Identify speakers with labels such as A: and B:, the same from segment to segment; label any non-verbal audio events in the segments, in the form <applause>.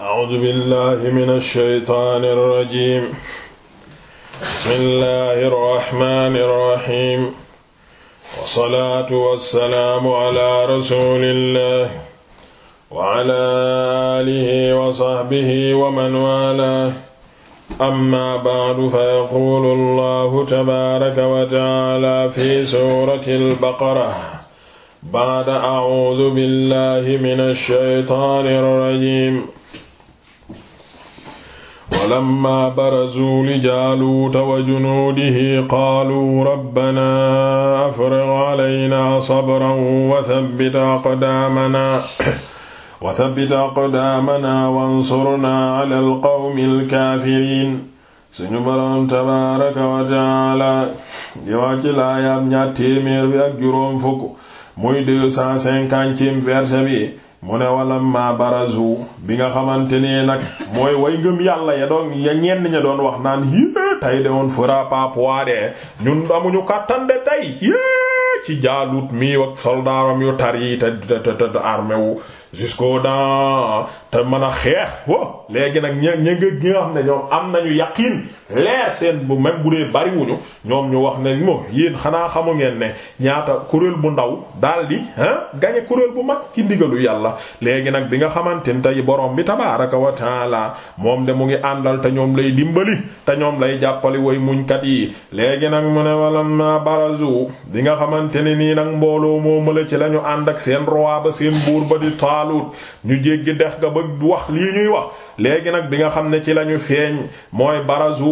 A: A'uuzu billaahi mina shaytaani rajiim. Bismillaahi rahmaani rahiim. Wa salaatu wa salaamu ala rasuulillaahi wa ala aalihi wa sahbihi wa man waalaahu. Ammaa ba'du fa yaquulu Allaahu tabaaraka wa ta'aalaa fi suuratil baqara. Ba'da a'uuzu billaahi mina shaytaani rajiim. walamma barazu li jaaluuta wa junuudihi qaaluu rabbanaa afrigh alaynaa sabran wa thabbit aqdaamanaa wa thabbit aqdaamanaa wansurnaa ala alqawmi alkaafiriin suñu boroom tabaaraka wa taala di wax ci laayaab ñaar téeméer bi ak juróom fukk muy deux cent cinquantième verset bi mu ne walamma barazu bi nga xamante ne nag mooy way ngëm yàlla ya doon ya ñenn ña doon wax naan yée tey de woon
B: fera pas poids de ñun amuñu kàttan de tey yée ci jaalut mi ak soldaaram yu tar yi te te te armé jusqu'au dent te mën a xeex wo léegi nag ña ña nga na xam ne ñoom am nañu yaqin leer seen bu même bu dee bariwuñu ñoom ñu wax ne moom yéen xanaa xamu ngeen ne ñaata kuréel bu ndaw daal di ah gañe kuréel bu mag ci ndigalu yàlla léegi nag bi nga xamante ni tey borom bi tabaaraka wa taala moom de mu ngi àndal te ñoom lay dimbali te ñoom lay jàppali way muñkat yi léegi nag mu ne walamma barazu bi nga xamante ne nii nag mbooloo moo mala ci lañu ànd ak seen roi seen buur Taalut ñu jéggi dex nga ba wax lii ñuy wax léegi nag bi nga xam ne ci lañu feeñ mooy barazu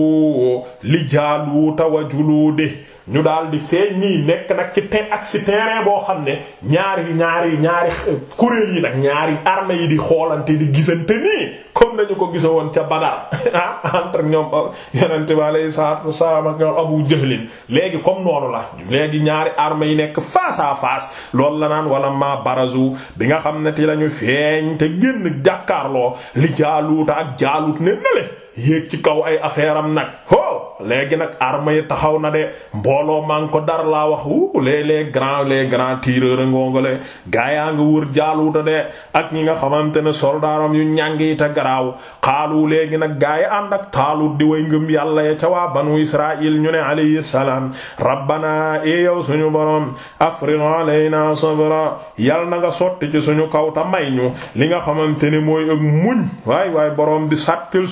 B: li Jaaluuta wa juluudihi ñu daal di feeñ nii nekk nag ci te ak si terrain boo xam ne ñaari ñaari ñaari kuréel yi nag ñaari armée yi di xoolante di gisante nii comme nañu ko gisa woon ca Badar <laughs> ah ñoom yonente bi alayhi salaatu wassalaam ak ñoom Abu Jahl léegi comme noonu la léegi ñaari armée yi nekk face à face loolu la naan wala ma barazu bi nga xam ne ti la ñu feeñ te génn jàkkaarloo li jaaluuta ak jaalut ne nele yéeg ci kaw ay affaire am nag ho léegi nag armes yi taxaw na de mbooloo maa ngi ko dar laa wax wu les les grands les grands tireurs ngongole gaa yaa ngi wër jaaluuta de ak ñi nga xamante ne soldaaram yu ñàng yi te garaaw xaalu léegi nag gaa yi ànd ak taalut di way ngëm yàlla ya ca waa banu israil ñu ne alayhi salaam rabbana e yow suñu borom afrigh alayna sabra yal na nga sotti ci suñu kaw ta may ñu li nga xamante ne mooy ak muñ waay waay borom di sattil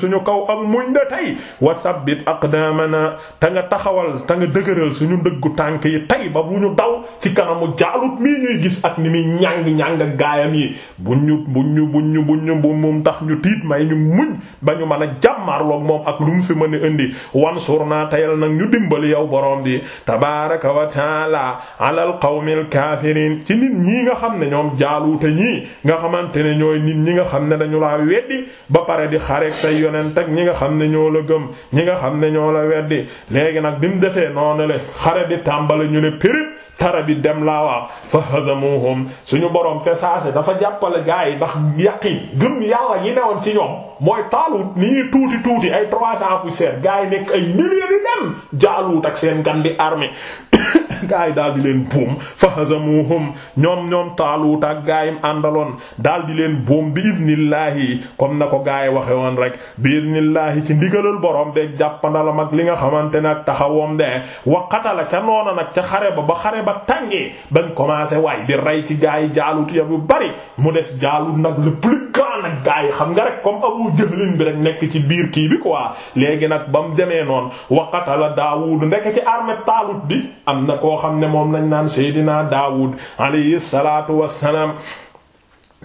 B: ak muñ de tey wa sabbit aqdamana te nga taxawal te nga dëgëral suñu ndëggu tànk yi tey ba bu ñu daw ci kanamu jaalut mii ñuy gis ak ni muy ñàng-ñàng gaayam yi buñ ñu buñ ñu buñ ñu buñ ñu bu moom tax ñu tiit may ñu muñ ba ñu mën a jàmmarloog moom ak lu mu fi mën a indi wan naa tayal nag ñu dimbali yow boroom bi tabaraka wa taala ala al qawmil kaafiriin ci nit ñi nga xam ne ñoom jaaluute ñii nga xamante ne ñooy nit ñi nga xam ne dañu laa weddi ba pare di xareek say yonent ak ñi nga xam ne ñoo la gëm ñi nga xam ne ñoo la weddi léegi nag bi mu defee noonu le xare bi tàmbali ñu ne pirip tara bi dem laa wax fa hazamuhum suñu borom te saase dafa jàppale gaa yi ndax yaqin gëm yàlla yi newoon ci ñoom mooy taalut ni tuuti tuuti ay trois cents poussières gaa yi nekk ay milliers di dem jaaluut ak seen gan di armée <coughs> gaa yi daal di leen buum fa hazamuhum ñoom ñoom taaluut ak gaa yim àndaloon daal di leen buum bi idnillaahi comme na ko gaa yi waxe woon rek bi idnillaahi ci ndigalal boroom de jàppandalam mag li nga xamante ne ak taxawoom de waqatala ca noona nag ca xare ba ba xare ba tàngee bañ commencé waay di rey ci gaa yi jaalut ya bu bari mu des jaalut nag le plus nag gaa yi xam nga rek comme abu jahlin bi rek nekk ci biir kii bi quoi léegi nag ba mu demee noonu wa qatala Daawud ndekk ci armée Taalut bi am na koo xam ne moom lañ naan Seydina Daawud alayhi salaatu wassalaam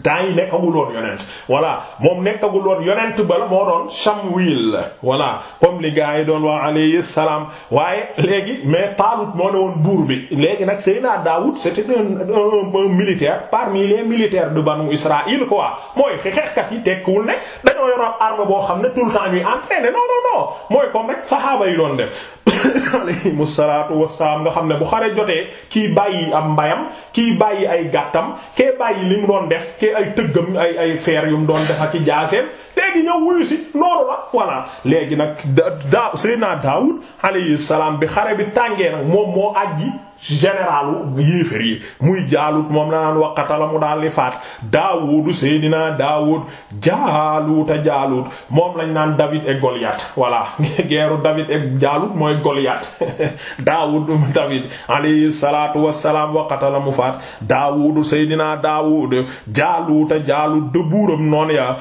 B: temps yi nekkagul woon yonent voilà moom nekkagul woon yonent bala moo doon Samuel voilà comme li doon wax alayhi salaam waaye léegi mais Taalut moo ne woon buur bi léegi nag Seydina Daoud c'était un un militaire parmi les militaires de Banu Israël quoi mooy xeexkat yi tekkiwul ne dañoo yoroon arme boo xam ne tout le temps ñuy entraîner non non non mooy comme rek saxaaba yi doon def. <coughs> alayhimu salaatu wassalaam nga xam ne bu xare jotee kii bàyyi am mbayam kii bàyyi ay ay tëggam ay ay feer yu mu doon def ak i léegi ñëw wuyu si la voilà léegi nag da Seydina Daawud alayhi salaam bi xare bi tàngee nag moom moo àjji généralu yéefér yi muy jaalut moom la naan waqata la mu daal di faat daawudu seydina daawud jaaluuta jaalut moom lañ naan david et goliath voilà <laughs> guerre david et jaalut mooy goliath <laughs> daawud david alayhi salatu wasalaam waqata la mu faat daawudu seydina daawud jaaluuta jaalut de buuram noonu ya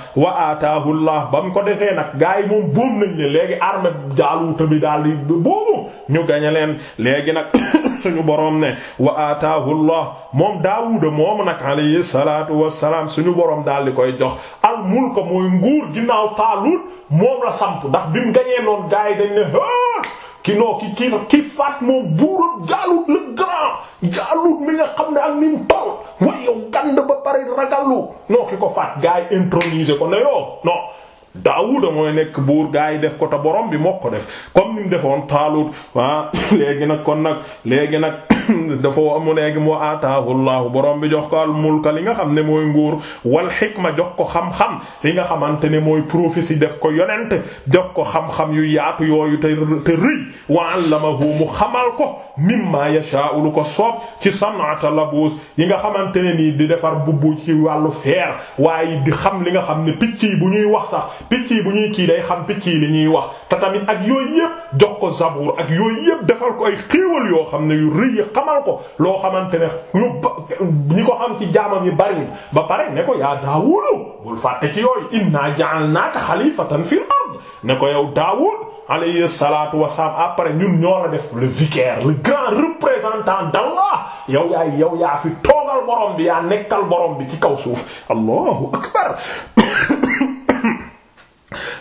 B: abdullah ba mu ko defee nag gars yi moom bóom nañ ne léegi armée jaaluuta bi daal di boobu ñu gañe leen léegi nag <coughs> suñu boroom ne wa aataahu allah moom daawuda moomu nag alayhi salaatu wassalaam suñu boroom daal di koy jox al mulka mooy nguur ginnaaw taalut moom la samp ndax bi mu gañee noonu gars dañ ne ah ki noo ki ki ki faat moom buuram jaalut le grand mi nga xam ne ak ni mu mooy yow gànd ba pare ragallu noo ki ko faat gars yi introniser ko ne yoo non Daawuda mooy nekk buur gars yi def ko te borom bi moo ko def comme ni mu defoon Taalut ah <coughs> nag kon nag léegi nag. <laughs> dafa mu nekk mu ataahu llahu borom bi jox ko al mulka li nga xam ne mooy nguur wal xikma jox ko xam-xam li nga xamante ne mooy prophétie def ko yonent jox ko xam-xam yu yaatu yooyu te te rëy wa allamahu mu xamal ko mimma yashaa'u lu ko soob ci sanata labus yi nga xamante ne nii di defar bu ci wàllu feer waaye di xam li nga xam ne picc bu ñuy wax sax picc bu ñuy kii day xam picc yi li ñuy wax te tamit ak yooyu ko zabuur ak yooyu yëpp defal ko ay xéewal yoo xam ne yu rëy xamal ko loo xamante ne ñu ba ñi ko xam ci jaamam yi bari ba pare ne ko yaa Daawuud bul fàtte ci yooyu inna ja'alnaaka xalifatan fil ard ne ko yow Daawuud alayhi salatu wasalaam après ñun ñoo la def le vicaire le grand représentant d'Allah yow yaay yow yaa fi toogal borom bi yaa nekkal borom bi ci kaw suuf allahu akbar <coughs>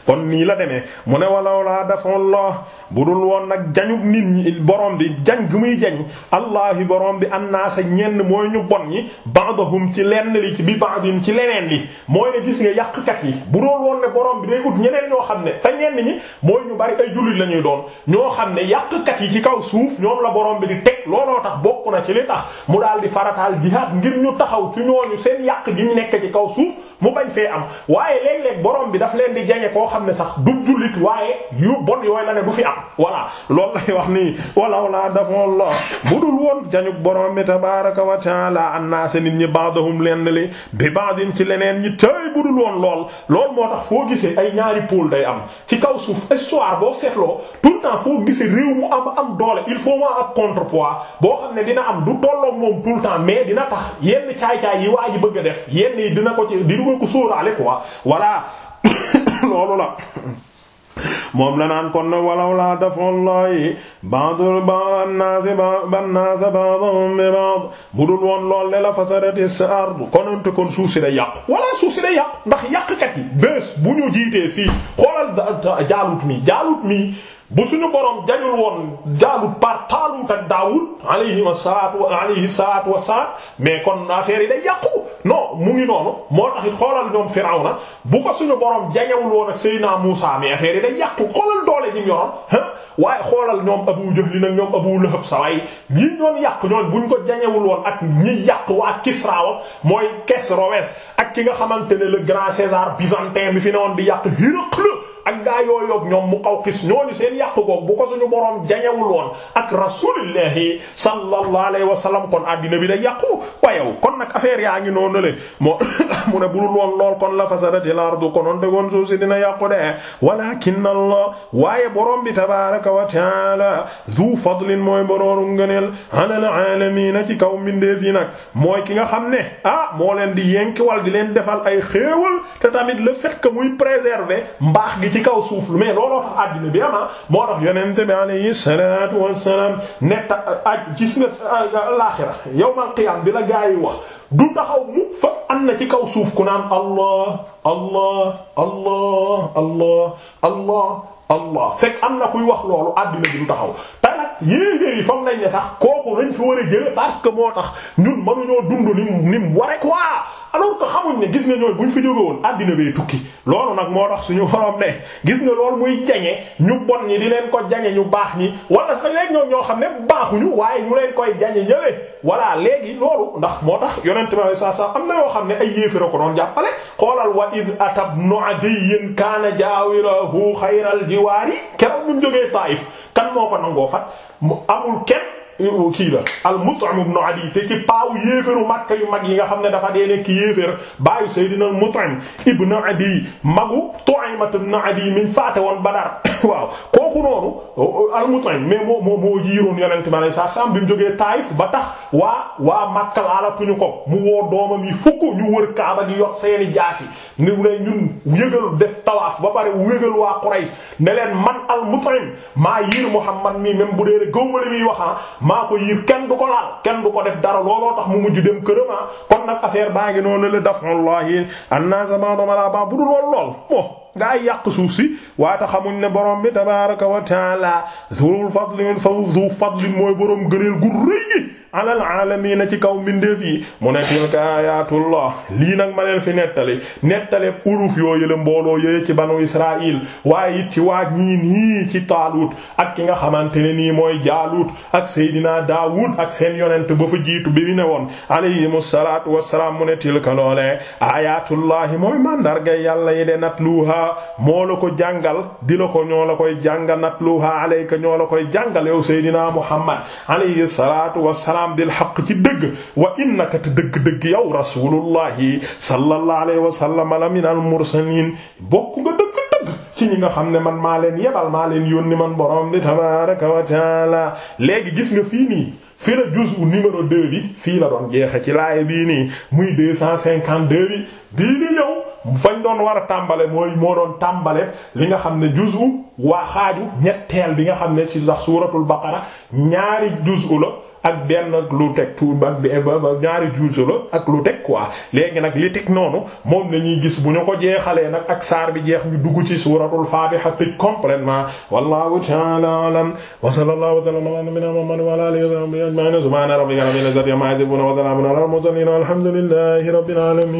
B: kon nii la demee mu ne walawla dafullah bu dul woon nag jañub nit ñi borom bi jañ gu muy jañ allahi boroom bi am naa annaasa ñenn mooy ñu bon ñi ba'dahum ci lenn li ci bi ba'din ci leneen li mooy ne gis nga yàq kat yi bu doon woon ne boroom bi day ut ñeneen ñoo xam ne te ñenn ñi mooy ñu bari ay jullit la ñuy doon ñoo xam ne yàqkat yi ci kaw suuf ñoom la boroom bi di teg looloo tax bokk na ci li tax mu daal di farataal jihaad ngir ñu taxaw ci ñu seen yàq gi ñu nekk ci kaw suuf mu bañ fee am waaye léeg-léeg bi daf leen di jañe koo xam ne sax du jullit waaye yu bon yooyu la fi am voilà loolu lay wax nii walaw laa dafoon la budul woon jañu borom bi tabaaraka wa ta'ala annaasa nit ñi ba'dahum lenn li bi ba'din ci leneen ñi tey budul woon lool lool moo foo gisee ay ñaari pôle day am ci kaw suuf histoire boo seetloo tout le temps foo doole il faut mu am contrepoids boo xam ne dina am du tolloog moom tout temps mais dina tax yenn caay-caay yi waa ji bëgg a def yenn yi dina ko ci dina ko sóoraale quoi voilà <coughs> loolu la. moom la naan kon nag walaw laa daf'ullahi ba'dul bannaasi bannaasa ba'dahum bi ba'd bu dul woon lool le la fasadatis ardu kononte kon suuf si day yàqu walla suuf si day yàqu ndax yàqkat bu ñu jiitee fii xoolal jaalut mi jaalut mi bu suñu boroom jañul woon jaalut par Taalut ak Daawud alayhima salaatu alayhi salaatu wasalaam mais kon affaire yi day yàqu non mu ngi noonu moo tax it xoolal ñoom Firawna bu ko suñu borom jañewul woon ak Seydina Muusaa mais affaire yi day yàqu xoolal doole ñi mu yoroon waaye xoolal ñoom Abu Jahl nag ñoom Abu Lahab saway yàqu ñoon yàq ñoon ko jañewul woon ak ñi yàq waa Kisra wa mooy Kesroes ak ki nga xamante ne le grand César byzantin bi fi ne woon di yàq Héraclius ak gaa yooyoog ñoom Muqawqis ñooñu seen yàqu goog bu ko suñu boroom jañewul woon ak rasulillahi sallallahu alayhi wa sallam kon addina bi day yàqu wayow kon nag affaire yaa ngi noonu le mo <coughs> mu ne budul woon lool kon la fasadatil ardu konoon tegoon suuf si dina yàqu de walakin allah waaye boroom bi tabaraka wa taala zu fadlin mooy borooru ngëneel alal alamina ci kaw mbindeef yi nag mooy ki nga xam ne ah moo leen di yénkiwal di leen defal ay xéewal te tamit le fait que muy préserver mbaax gi ci kaw suuf lu mais looloo tax àddina bi ama ah, moo tax yonente bi alayhi salatu wassalam netta aj gis nga alaaxira ah, yawmal qiyaam bi la gaay wax du taxaw mu fa am na ci kaw suuf ku naan allah allah allah allah allah allah fekk am na kuy wax loolu àddina bi du taxaw te nag yéegéer yi sax kooku lañ fi war a jële parce que moo tax ñun mënuñoo dund ni mu ni mu ware alors que xamuñ ne gis nga ñooy ñu fi jóge woon àddina bee tukki loolu nag moo tax ñu xorom ne gis nga loolu muy jañe ñu bon ñi di leen ko jañe ñu baax ñi wala sax léegi ñoom ñoo xam ne baaxuñu waaye ñu leen koy jañe ñële voilà léegi loolu ndax moo tax yonent bi saa saa am na yoo xam ne ay yéeféra ko doon jàppale xoolal wa id atab nu adiyin kaana jaawirahu xayral jiwaar yi keroog buñ jógee Taif kan moo ko nangoo fat mu amul kenn Euh, kii la al Mut'im ibn Adi te ci paawu yéeféru Makka yu mag yi nga xam ne dafa dee nekk yéefér baayu Seydina Mut'im ibn Adi magu Tu'aymat ibn Adi miñ faate woon Badar <coughs> waaw kooku noonu euh, al mais moo moo moo yiiroon yonent bi alayhi salaam bi mu Taayif ba tax waa waa Makka laalatuñu ko mu woo dooma yi fukk ñu wër Kaaba gi yot seeni jaas yi ne ñun yëgal def tawaaf ba pare wégal waa Quraysh ne man al Mut'im maa yiir Muhammad mi même bu dee gëwmale miy waxaa ah, maa ko yiir kenn du ko laal kenn du ko def dara looloo tax mu mujj dem këram ah. kon nag affaire baa ngi noonu la daf wallahi annaasa ba'dhum ala ba'd bu dul woon lool mo gaa yi yàq suuf si waata xamuñ ne borom bi tabaaraka wa taala dhul fadli fa dhul fadli mooy borom gëneel gu rëy alal aalamiina ci kaw mbindeef yi mu ne tilka aayaatullah lii nag ma leen fi nettali nettali uruf yooyu la mbooloo yooyu ci banu Israaïl waaye it ci waa ñii nii ci Taalut ak ki nga xamante ni nii mooy Jaalut ak Seydina Daawud ak seen yonent ba fa jiitu bi ne woon alayhimu salaatu wassalaam mu ne tilka loolee aayaatullahi mooy mandargay yàlla yi de natluha moo la ko jàngal di la ko ñoo la koy jàngal natluha alayka ñoo la koy jàngal yow Seydina salaam bil xaq ci dëgg wa innaka te dëgg-dëgg yow rasulullahi sallallahu alayhi wa sallam la min al mursalin bokk nga dëgg-dëgg ci ñi nga xam ne man maa leen yebal maa leen yónni man borom di tabaraka wa taala léegi gis nga fii nii fii la juz numéro 2 fii la doon jeexe ci laay bii nii muy 252 bi bii di ñëw fañ doon war a tàmbale mooy moo doon tàmbale li nga xam ne juzu waa xaaju ñetteel bi nga xam ne ci sax suuratul baqara ñaari juzu la ak benn ak lu teg tuur ba lu teg quoi léegi nag li teg noonu moom la gis bu ñu ko jeexalee nag ak saar bi jeex ñu dugg ci suuratul faatiha tëj complètement wallahu ta'ala a'lam wa sallallahu wa
A: sallama ala nabiyyina muhammadin wa ala alihi wa sahbihi ajma'in subhana rabbika rabbil izzati amma yasifun wa salamun ala al mursalin walhamdulillahi rabbil alamin